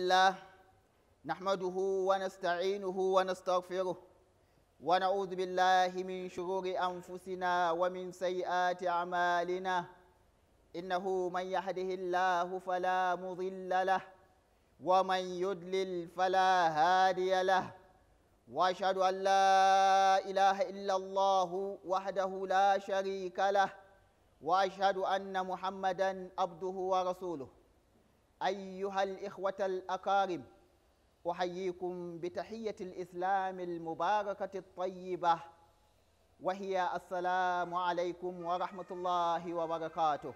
الله نحمده ونستعينه ونستغفره ونعوذ بالله من شرور أنفسنا ومن سيئات أعمالنا إنه من يهده الله فلا مضل له ومن يدلل فلا هادي له وأشهد أن لا إله إلا الله وحده لا شريك له وأشهد أن محمدا عبده ورسوله أيها الإخوة الأقارب أحييكم بتحية الإسلام المباركة الطيبة وهي السلام عليكم ورحمة الله وبركاته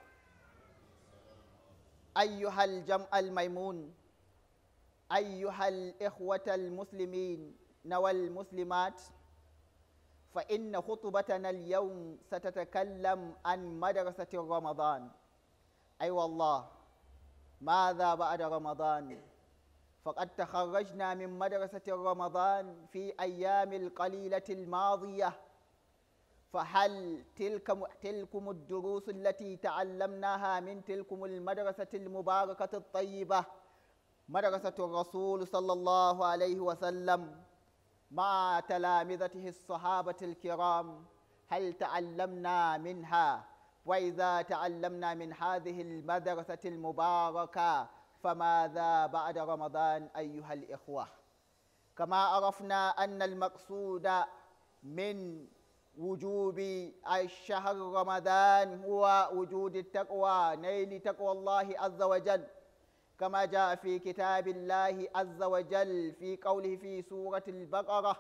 أيها الجمع الميمون أيها الإخوة المسلمين والمسلمات فإن خطبتنا اليوم ستتكلم عن مدرسة رمضان أي أيوة والله ماذا بعد رمضان فقد تخرجنا من مدرسة رمضان في أيام القليلة الماضية فهل تلك تلكم الدروس التي تعلمناها من تلكم المدرسة المباركة الطيبة مدرسة الرسول صلى الله عليه وسلم مع تلامذته الصحابة الكرام هل تعلمنا منها وإذا تعلمنا من هذه المدرسة المباركة فماذا بعد رمضان أيها الإخوة كما عرفنا أن المقصود من وجوب الشهر رمضان هو وجود التقوى نيل تقوى الله عز وجل كما جاء في كتاب الله عز وجل في قوله في سورة البقرة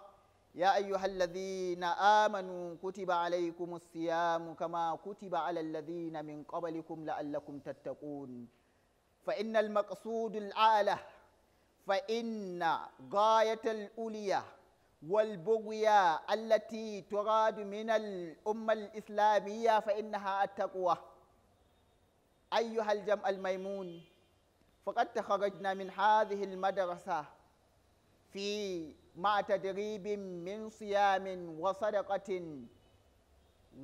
يا أيها الذين آمنوا كتب عليكم الصيام كما كتب على الذين من قبلكم لعلكم تتقون فإن المقصود الأعلى فإن غاية الأولية والبغية التي تراد من الأمة الإسلامية فإنها التقوى أيها الجمع الميمون فقد تخرجنا من هذه المدرسة في مع تدريب من صيام وصدقة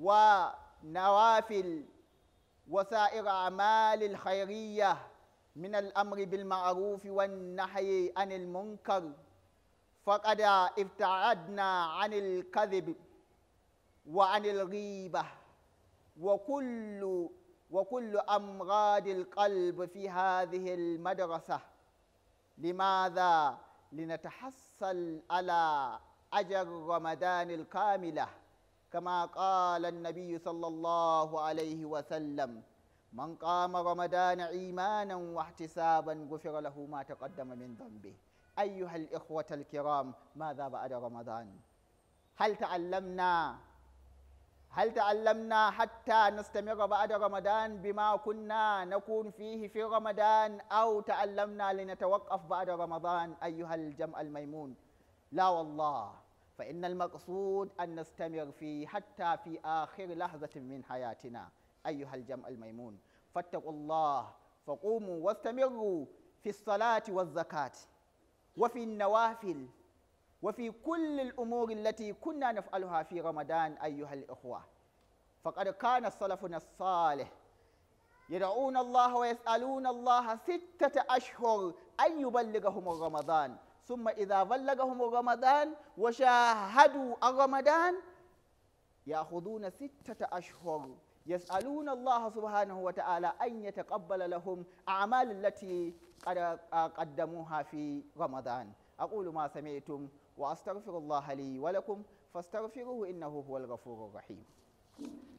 ونوافل وسائر أعمال الخيرية من الأمر بالمعروف والنحي عن المنكر فقد ابتعدنا عن الكذب وعن الغيبة وكل وكل أمراض القلب في هذه المدرسة لماذا؟ لنتحصل على أجر رمضان الكاملة كما قال النبي صلى الله عليه وسلم من قام رمضان إيمانا واحتسابا غفر له ما تقدم من ذنبه أيها الإخوة الكرام ماذا بعد رمضان؟ هل تعلمنا هل تعلمنا حتى نستمر بعد رمضان بما كنا نكون فيه في رمضان أو تعلمنا لنتوقف بعد رمضان أيها الجمع الميمون لا والله فإن المقصود أن نستمر فيه حتى في آخر لحظة من حياتنا أيها الجمع الميمون فاتقوا الله فقوموا واستمروا في الصلاة والزكاة وفي النوافل وفي كل الأمور التي كنا نفعلها في رمضان أيها الإخوة فقد كان صلفنا الصالح يدعون الله ويسألون الله ستة أشهر أن يبلغهم رمضان ثم إذا بلغهم رمضان وشاهدوا رمضان يأخذون ستة أشهر يسألون الله سبحانه وتعالى أن يتقبل لهم أعمال التي قدموها في رمضان أقول ما سمعتم وأستغفر الله لي ولكم فاستغفروه إنه هو الغفور الرحيم